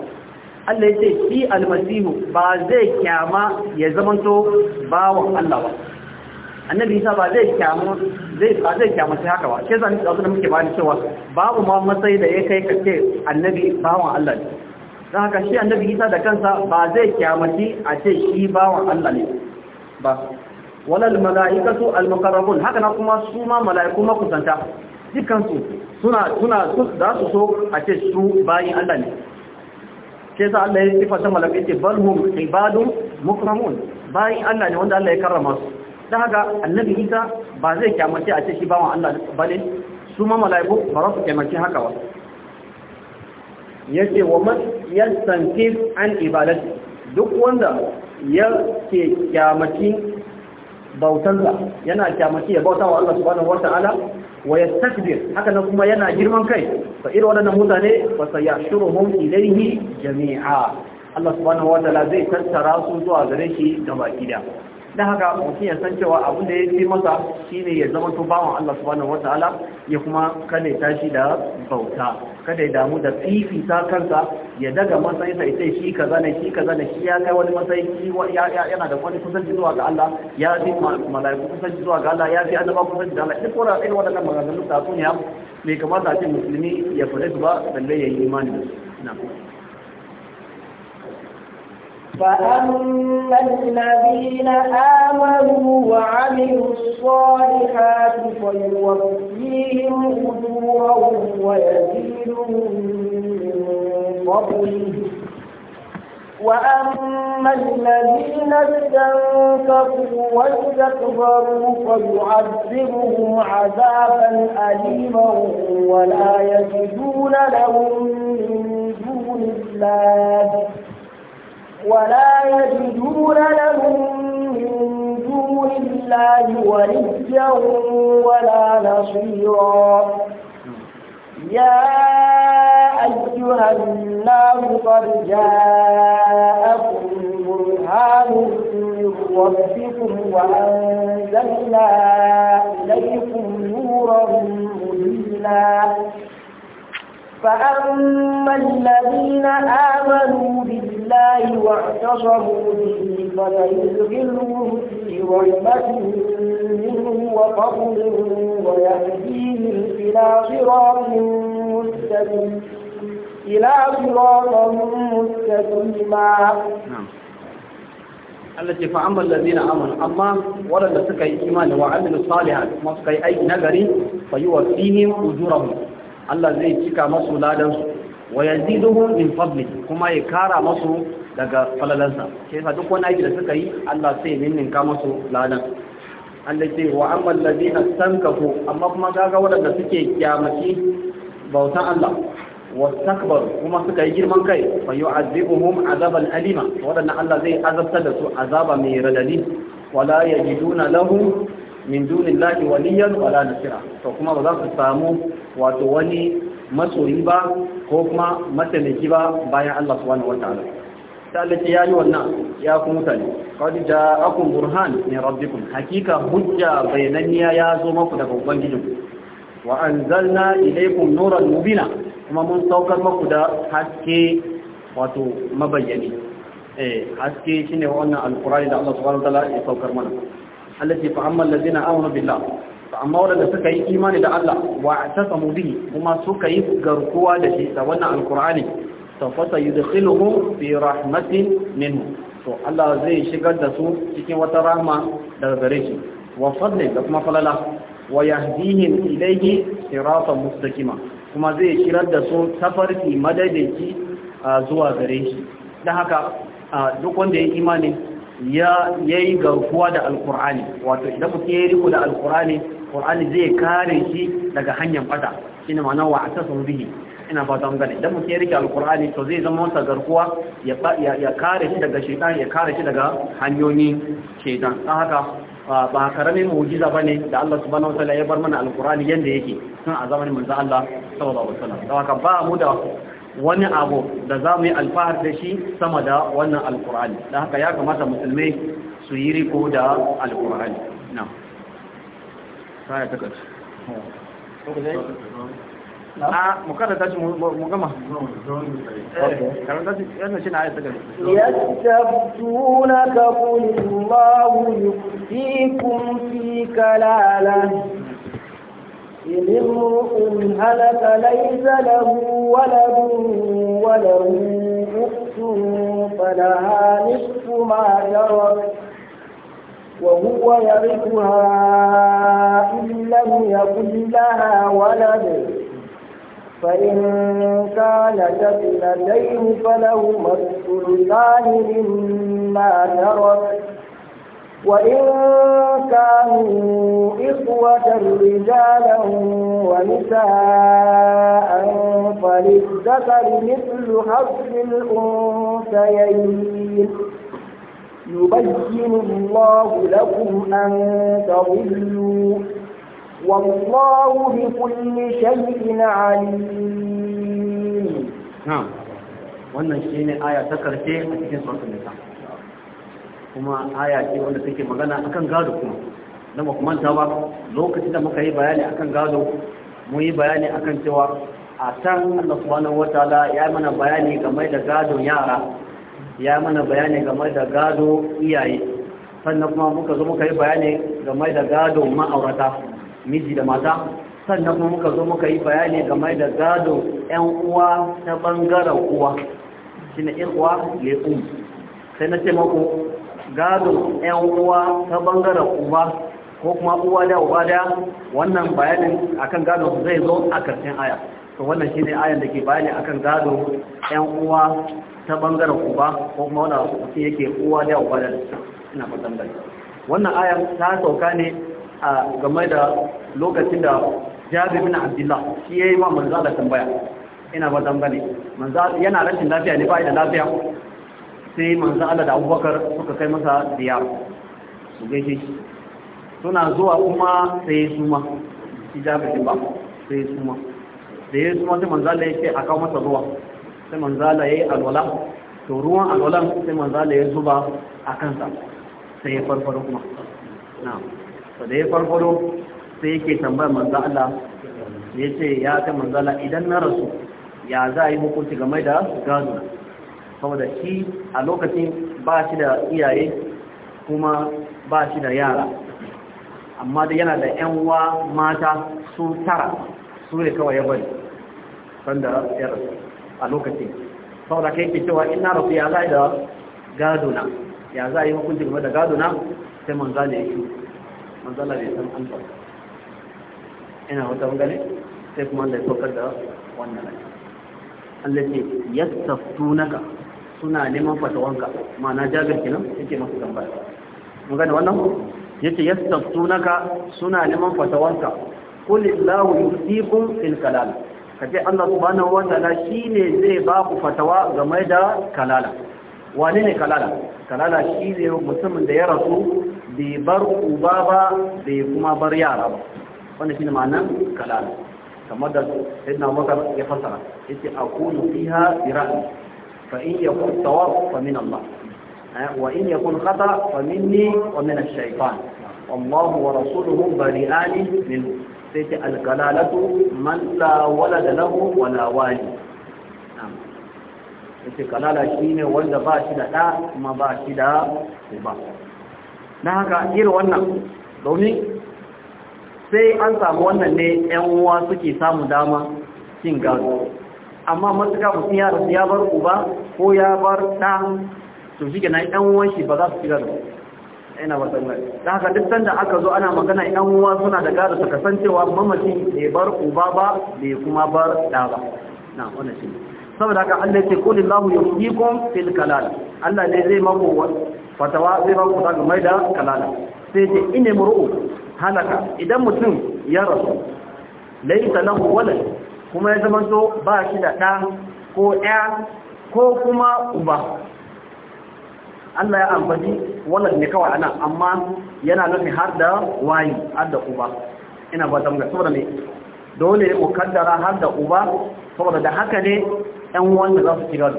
Allah ya ce shi almasihu ba zai kyama ya zamanto bawan Allah ba annabi isa ba zai kyamu zai ba zai kyamu sai haka ba sai zan tsaka da muke bani cewa babu ma matsayi da ya kai kace annabi bawan Allah ne dan haka shi annabi isa da kansa ba zai kyamaci a ce shi bawan Allah ne ba walal malaikatu al muqarrabun haka na kuma su ma malaiku makusanta dukkan su suna suna su da su so a ce su bayin Allah ne sai sa Allah ya sifata malaikai ce balhum ibadun mukramun bayin Allah ne wanda Allah ya karrama su dan haka annabi isa ba zai kyamace a ce shi bawan Allah bane su ma mala'iku ba su kyamace haka ba Ya ce wa man yastankif an ibadati duk wanda ya ke kyamaci bautansa yana kyamaci ya bautawa Allah subhanahu ta'ala) wa yastakbir haka nan kuma yana girman kai fa irin wadannan mutane fa sayashuruhum ilayhi jami'a Allah subhanahu ta'ala) zai tattara su zuwa gare shi gaba gida da haka mutum ya san cewa abin da ya fi masa shine ya zama to bawan Allah subhanahu wataala ya kuma kada ya tashi da bauta kada ya damu da fifita kansa ya daga matsayin sa ita shi kaza ne shi kaza ne shi ya kai wani matsayi shi yana da wani kusan zuwa ga Allah ya fi malaiku kusan zuwa ga Allah ya fi annaba kusanci ga Allah duk wannan irin wannan maganganun ta sunya bai kamata a ce musulmi ya fara su ba balle ya yi imani na. فأما الذين آمنوا وعملوا الصالحات فيوفيهم أجورهم ويزيدهم من وأما الذين استنكفوا واستكبروا فيعذبهم عذابا أليما ولا يجدون لهم من دون الله ولا يجدون لهم من دون الله وليا ولا نصيرا يا أيها الناس قد جاءكم برهان من ربكم وأنزلنا إليكم نورا مبينا فأما الذين آمنوا بالله واعتصموا به فليدخلوه في رحمة منه وفضل ويهديهم إلى صراط مستقيم إلى صراط مستقيم نعم. التي فأما الذين آمنوا أما ولد سكي إيمان وعملوا صالحا ما سكي أي نغري فيوفيهم أجورهم Allah zai cika masu ladan su wa yaziduhum min fadli kuma ya kara masu daga falalansa sai fa duk wani aiki da suka yi Allah sai ninninka masu ladan Allah sai, wa amma alladhina stankafu amma kuma kaga wadanda suke kiyamaci bautan Allah wastakbar kuma suka yi girman kai fa yu'adhibuhum azaban alima Waɗanda Allah zai azabta da su azaba mai radadi wala yajiduna lahu min dunillahi waliyan wala nasira to kuma ba za su samu wato wani masoyi ba ko kuma mataimaki ba bayan Allah subhanahu wataala ta Allah ya yi wannan ya ku mutane qad ja'akum burhan min rabbikum hakika hujja bayananiya ya zo maku daga ubangijinku wa anzalna ilaykum nuran mubina kuma mun saukar maku da haske wato mabayyani eh haske shine wannan alqur'ani da Allah subhanahu wataala ya saukar mana allati ce fa amma allazina amanu billah fa amma wadanda suka yi imani da Allah wa atasamu bihi kuma suka yi garkuwa da shi da wannan alqur'ani to fa sayudkhiluhum fi rahmatin minhu to Allah zai shigar da su cikin wata rahma daga gare shi wa fadli da kuma falala wa yahdihim ilayhi siratan mustaqima kuma zai shirar da su tafarki madadinki zuwa gare shi dan haka duk wanda ya imani ya yi garkuwa da alkur'ani wato idan mutum ya yi riko da alkur'ani kur'ani zai kare shi daga hanyar fata shi ne ma'ana wa a bihi ina ba don gane idan mutum ya rike alkur'ani to zai zama wata garkuwa ya kare shi daga shaitan ya kare shi daga hanyoyin shaitan ta haka ba karamin mu'jiza bane da Allah subhanahu wataala ya bar mana alkur'ani yanda yake tun a zamanin manzo Allah sallallahu alaihi wasallam don haka ba mu da wani abu da za mu yi alfahar da shi sama da wannan alkur'ani da haka ya kamata musulmi su yi riko da alkur'ani na saya ta kaci a mukada ta ci mu gama eh, karanta ci yana shi na ayat ka kulillahu fi kalala إن امرؤ هلك ليس له ولد وله أخت فلها نصف ما ترك وهو يرثها إن لم يكن لها ولد فإن كانت ابنتين فلهما الثلثان مما ترك وإن كانوا إخوة رجالا ونساء فللذكر مثل حظ الأنثيين يبين الله لكم أن تضلوا والله بكل شيء عليم نعم wannan الشيء آية تكرتين karshe a النساء. kuma aya ce wanda take magana akan gado kuma da ba manta ba lokacin da muka yi bayani akan gado mu yi bayani akan cewa a san Allah subhanahu wataala ya mana bayani game da gado yara ya mana bayani game da gado iyaye sannan kuma muka zo muka yi bayani game da gado ma'aurata miji da mata sannan kuma muka zo muka yi bayani game da gado 'yan uwa ta bangaren uwa shine in uwa le sai na ce maku Gado ɗan uwa ta bangaren uba ko kuma uwa da uba da wannan bayanin akan gado zai zo a karshen aya to wannan shine ayan da ke bayani akan gado ɗan uwa ta bangaren uba ko kuma wanda mutum yake uwa da uba da ina fatan bai wannan aya ta sauka ne a game da lokacin da Jabir bin Abdullah shi yayi ma manzo Allah tambaya ina fatan bane manzo yana rashin lafiya ne ba da lafiya sai manzan Allah da Abubakar suka kai masa ziyara su gaishe shi suna zuwa kuma sai suma shi ijabatin ba sai ya suma da ya suma sai manzan Allah ya ce a kawo masa ruwa sai manzan Allah ya yi alwala to ruwan alwalan sai manzan Allah ya zuba a kansa sai ya farfaro kuma na da ya farfaro sai yake tambayar manzan Allah ya ce ya ta manzan Allah idan na rasu ya za a yi hukunci game da gazu saboda shi a lokacin ba shi da iyaye kuma ba shi da yara amma da yana da 'yan wa mata su tara su ne kawai ya bari sanda yara a lokacin saboda kai ke cewa in na rasu ya zai da gadona ya a yi hukunci game da gadona sai manzana ya shi manzana ya san an tsoro ina wata gane sai kuma da ya saukar da wannan rai Allah ce yastaftunaka suna neman wanka, ma'ana jabir kenan yake masu tambaya mun gane wannan yace yastaftunaka suna neman fatawanka qul illahu yusikum fil kalal kace Allah subhanahu wa ta'ala shine zai ba ku fatawa game da kalala wane ne kalala kalala shine mutumin da ya rasu bai bar uba ba bai kuma bar yara ba wannan shine ma'anar kalala kamar da sayyidina Abubakar ya fasara yace akunu fiha bi ra'yi فإن يكون صواب فمن الله وإن يكون خطأ فمني ومن الشيطان الله ورسوله بريئان منه سيتي الكلالة من لا ولد له ولا والي نعم سيتي كلالة شيني ولد باشدة لا ما باشدة وبا نهكا إير وانا دوني sai an samu wannan ne 'yan uwa suke samu dama cin amma matuka mutum ya rasu ya bar uba ko ya bar ɗa to shi gina ɗan uwan shi ba za su shiga da ina ba san gari da haka duk sanda aka zo ana magana ɗan uwa suna da gada su kasancewa mamaci bai bar uba ba bai kuma bar ɗa ba na wani shi saboda haka Allah ce ya fi kon fil kalal Allah ne zai mako fatawa zai mako ta mai da kalala sai ce ina muru halaka idan mutum ya rasu laisa lahu walad kuma ya zama zo ba shi da ɗa ko ɗaya ko kuma uba Allah ya amfani wannan ne kawai anan amma yana nufi har da wayi har da uba ina ba ta saboda ne dole ne mukaddara har da uba saboda da haka ne ɗan wanda za su shiga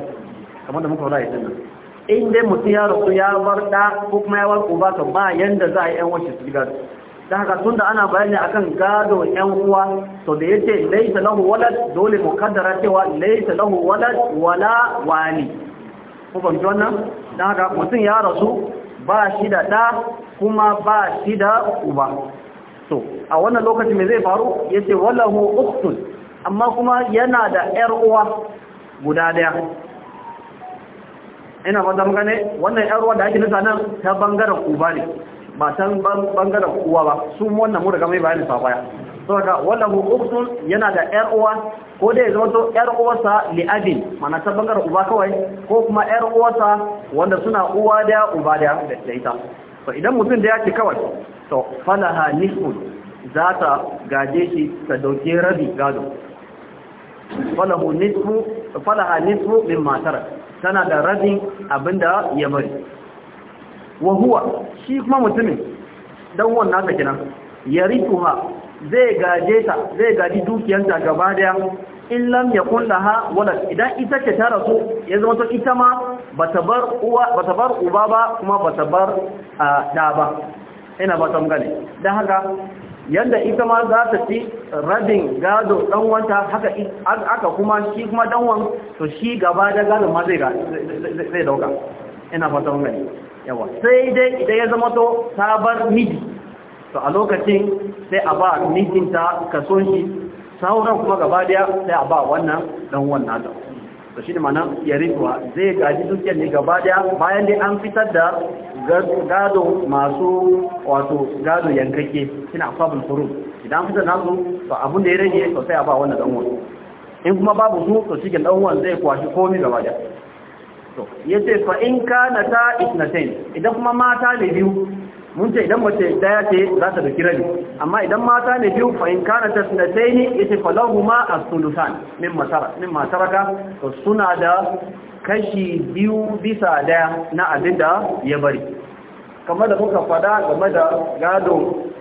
kamar da muka wada yanzu nan in dai mutum ya rasu ya bar ɗa ko kuma ya bar uba to ba yanda za a yi ɗan wacce su shiga da haka tun da ana bayani akan gado yan uwa to da yake laisa lahu walad dole mu kaddara cewa laisa lahu walad wala wani. ko ban wannan da haka mutum ya rasu ba shi da ɗa kuma ba shi da uba to a wannan lokacin me zai faru yace wallahu uktun amma kuma yana da yar uwa guda daya ina fata magane gane wannan yar uwa da ake nisa nan ta bangaren uba ne ba can bangaren uwa ba su wannan mu daga mai bayanin so baya saboda hu ukhtun yana da yar uwa ko dai zama to yar uwarsa li abin mana ta bangaren uba kawai ko kuma yar uwarsa wanda suna uwa da uba da da ita to idan mutum da yake kawai to falaha nisfun za ta gaje shi ta dauke rabi gado falahu nisfu falaha nisfu min matar tana da rabin abinda ya bari wa huwa shi kuma mutumin don wannan haka kenan yarikuha zai gaje ta zai gaji dukiyanta gaba daya in lam yakun ha wadat idan ita ce ta rasu ya zama to ita ma ba ta bar uba ba kuma ba ta bar da ba ina ba ta gane don haka yadda ita ma za ta ci rabin gado dan wanta haka aka kuma shi kuma dan to shi gaba da gado ma zai dauka ina ta gane yawa sai dai idan ya zama to sabar miji to a lokacin sai a ba mijinta kason shi sauran kuma gaba daya sai a ba wannan dan wannan da to shi ne mana yarikuwa zai gaji dukiyar ne gaba daya bayan dai an fitar da gado masu wato gado yankake suna fabul furu idan fitar nasu to abin da ya rage to sai a ba wannan dan wannan in kuma babu su to shi dan wannan zai kwashi komai gaba daya ya ce fa in kana ta isnatain idan kuma mata ne biyu mun ce idan mace daya ce za ta duki rabi amma idan mata ne biyu fa in kana ta isnatain yace fa falahuma as-sulusan min masara min masaraka to suna da kashi biyu bisa daya na abinda ya bari kamar da muka fada game da gado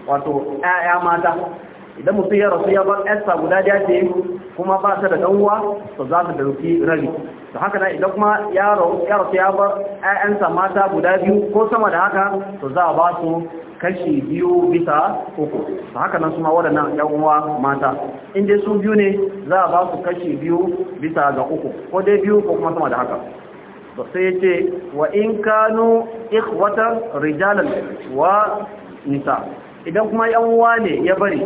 wato 'ya'ya mata idan mutum ya rasu ya bar yarsa guda daya ce kuma ba ta da dan uwa to za ta ɗauki rari. to haka nan idan kuma yaro ya rasu ya bar ƴaƴansa mata guda biyu ko sama da haka to za a ba su kashi biyu bisa uku to haka nan su waɗannan ƴan uwa mata in dai su biyu ne za a ba su kashi biyu bisa ga uku ko dai biyu ko kuma sama da haka to sai ya ce wa in kanu ikhwatan rijalan wa nisa idan kuma yan uwa ne ya bari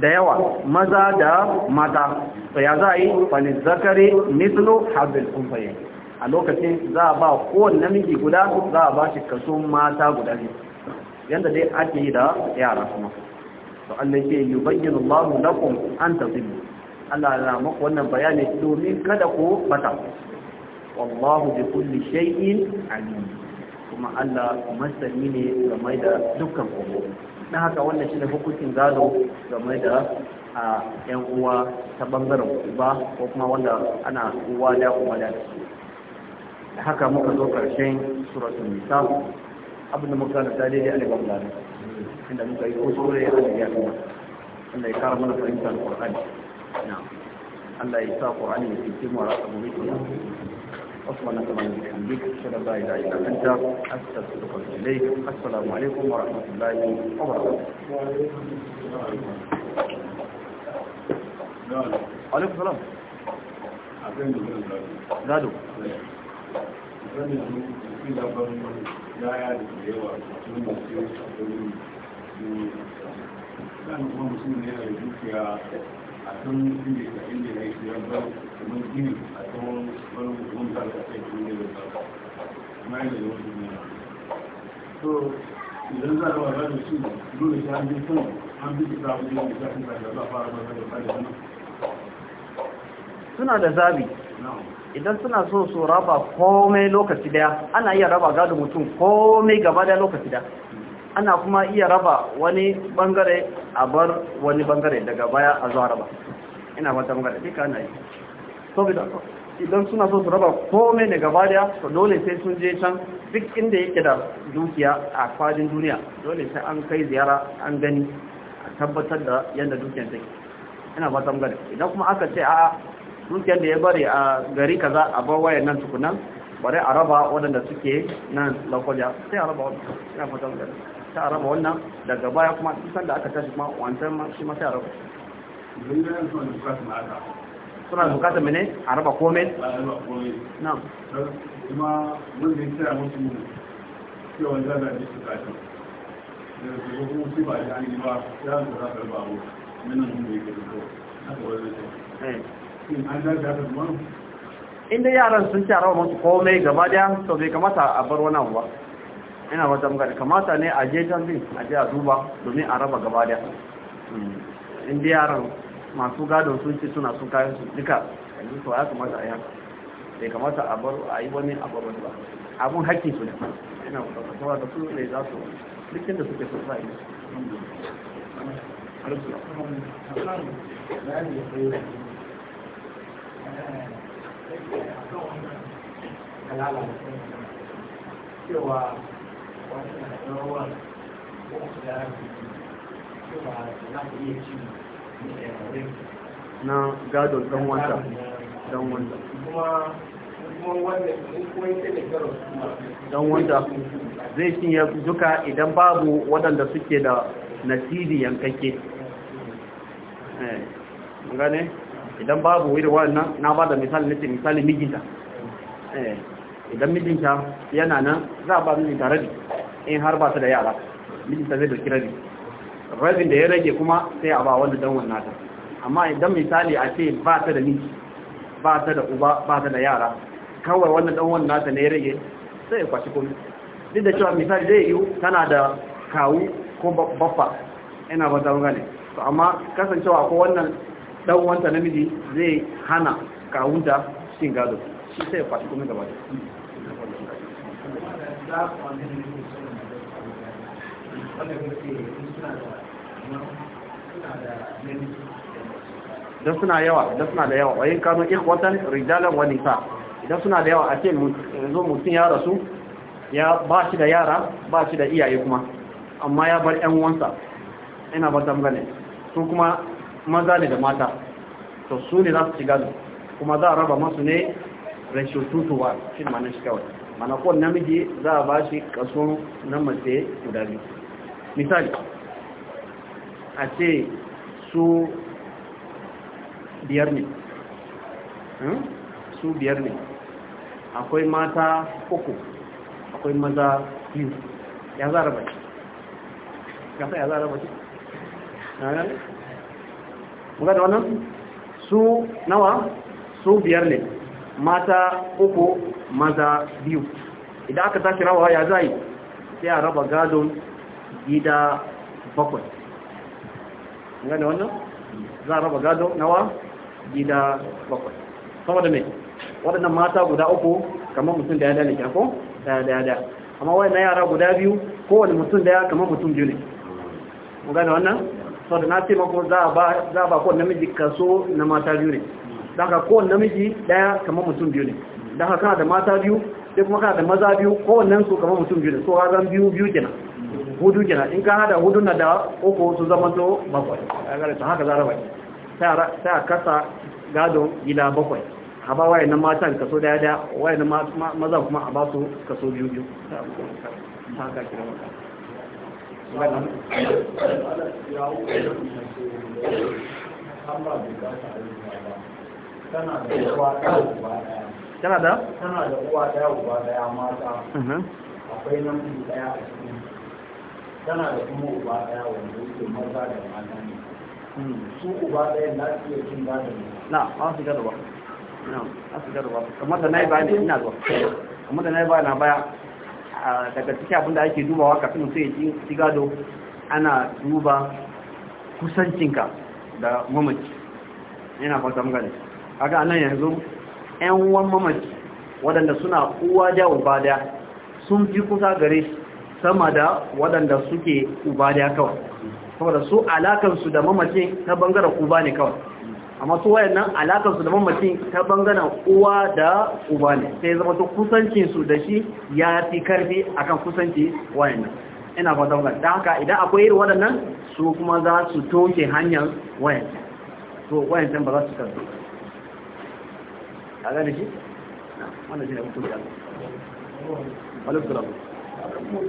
da yawa maza da mata to ya za a yi falin zakari mislu habil kumfayin a lokacin za a ba kowane namiji guda za a ba shi kaso mata guda ne yadda dai ake yi da yara kuma to Allah ke yi bayyana Allah lakum an tafiye Allah na maku wannan bayani domin kada ku bata wallahu bi kulli shay'in alim kuma Allah masani ne game da dukkan komai na haka wannan shi da hukuncin gado game da a yan uwa ta bangaren uba ko kuma wanda ana uwa da kuma da da haka muka zo karshen suratun nisa abin da muka da daidai alibar gani inda muka yi kuskure ya da ya kuma inda ya kara mana fahimtar qur'ani na Allah ya sa qur'ani ya ke mu a rasa mu سبحانك اللهم وبحمدك اشهد ان لا اله الا انت استغفرك واتوب اليك السلام عليكم ورحمه الله وبركاته عليكم السلام Gado. Gado. a kan inda ya inda ya yi ya ba kuma gini a kan wani hukumar da aka kai kuma da ba kuma yana da wasu ne so idan za a wada da shi dole sai an bi kan an bi kita wajen da za a da za a fara ba da ba da suna da zaɓi. idan suna so su raba komai lokaci daya ana iya raba gado mutum komai gaba daya lokaci daya ana kuma iya raba wani bangare a bar wani bangare daga baya a zuwa raba ina wata bangare duka na yi saboda idan suna so su raba kome daga baya to dole sai sun je can duk inda yake da dukiya a fadin duniya dole sai an kai ziyara an gani a tabbatar da yadda dukiyar take ina wata bangare idan kuma aka ce a dukiyar da ya bari a gari kaza a bar wayar nan tukunan bare a raba waɗanda suke nan lakwaja sai a raba waɗanda ina fata bangare ta araba wannan daga baya kuma duk da aka tashi kuma wancan shi ma sai a raba suna bukatar mene a raba komai na kuma mun da tsaya musu cewa da da shi ta shi da kuma shi ba ya ni ba ya da za ka raba mu nan mun da yake ko haka wannan eh in an da ka kuma inda yaran sun ci a raba musu komai gaba daya to bai kamata a bar wani abu ba ina wata muka kamata ne a je can a je a duba domin a raba gaba da inda yaran masu gadon sun ci suna sun kayan su duka yanzu to ya kamata a yi haka kamata a bar a yi wani abu wani ba abun hakkin su ne ina wata kasuwa da su ne za su duk da suke so yi Thank you. cewa na gadon dan wanda dan wanda dan wanda zai cinye duka idan babu waɗanda suke da nasiri yankake eh, gane idan babu wuri wannan na ba da misali nace misali mijinta eh, idan mijinta yana nan za a ba mijinta da in har ba su da yara mijinta zai dauki rabi rabin da ya rage kuma sai a ba wanda dan wannan ta amma idan misali a ce ba ta da miji ba ta da uba ba ta da yara kawai wannan dan wannan ta ne ya rage sai ya kwaci komai duk da cewa misali zai yiwu tana da kawu ko baffa ina ba ta gane to amma kasancewa ko wannan dan wanta namiji zai hana kawunta cikin gado shi sai ya kwaci komai gaba da Idan suna yawa idan suna da yawa wayin kano ikwatan rijalan wa nisa idan suna da yawa a ce zo mutum ya rasu ya ba shi da yara ba shi da iyaye kuma amma ya bar yan uwansa ina ba tambane su kuma maza ne da mata to su ne za su shiga gado kuma za a raba masu ne rashin tutuwa shi mana shi kawai mana kowane namiji za a ba shi kaso na mace guda biyu misali a ce su biyar ne hmm? su biyar ne akwai mata uku akwai maza biyu ya za raba ce ya za raba ce muka da wannan su nawa su biyar ne mata uku maza biyu idan aka tashi rawa ya zai sai a raba gadon gida bakwai gane wannan za a raba gado nawa gida bakwai sama da mai waɗannan mata guda uku kamar mutum da ya dalike ko daya daya daya amma waɗannan yara guda biyu kowane mutum daya kamar mutum biyu ne mu gane wannan sau da na ce mako za a ba kowane namiji kaso na mata biyu ne don ka kowane namiji daya kamar mutum biyu ne don ka kana da mata biyu sai kuma kana da maza biyu kowannen su kamar mutum biyu ne so zan biyu biyu kenan hudu gina in ka hada hudu na da uku su zama to bakwai a yi su haka zara bai sai a kasa gadon gida bakwai a ba wayan nan matan kaso daya daya wayan nan maza kuma a ba su kaso biyu biyu tana da uwa daya uba daya da uwa mata mhm. akwai nan ɗaya a cikin tana da kuma uba ɗaya wanda yake maza da mata ne hmm. su uba ɗaya na su iya cin ne na an su ba an su ba kamar da na yi bayan ina zuwa kamar da na yi bayan baya daga cikin abinda ake dubawa kafin sai ya ci gado ana duba kusancinka da mamaci yana fata magana kaga anan yanzu ƴan uwan mamaci waɗanda suna uwa da uba da sun fi kusa gare shi sama da waɗanda suke uba da kawai saboda su alakansu da mamacin ta bangaren uba ne kawai amma su wayannan alakansu da mamacin ta bangaren uwa da uba ne sai zama to kusancinsu da shi ya fi karfi akan kusanci wayannan ina fata wannan da haka idan akwai irin waɗannan su kuma za su toke hanyar wayannan to wayannan ba za su karfi Allah ne shi wannan shi ne mutum ya Allah. a maimako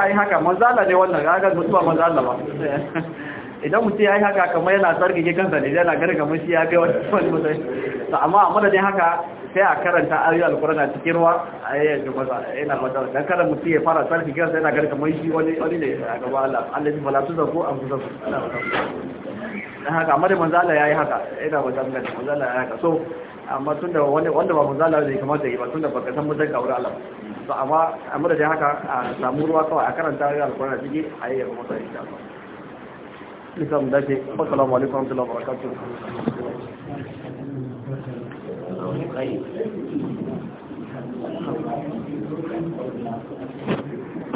a yi haka manzala ne wannan ragar mutuwa manzala ba idan mutum ya yi haka kamar yana tsarkake kansa ne yana garga mashi ya kai wani mutum amma a madadin haka sai a karanta ayoyi alkurana cikin ruwa a yayin da maza yana maza da kada mutum ya fara tsarki kira sai yana garka mai shi wani wani ne a gaba Allah Allah ji da ko an kusa su Allah dan haka amma da manzo Allah yayi haka yana maza da manzo Allah yayi haka so amma tunda wanda wanda ba manzo Allah zai kamata yi ba tunda baka san mutan kaura Allah to amma amma da haka a samu ruwa kawai a karanta ayoyi alkurana cikin ayoyi kuma sai insha Allah Assalamu alaikum الغيب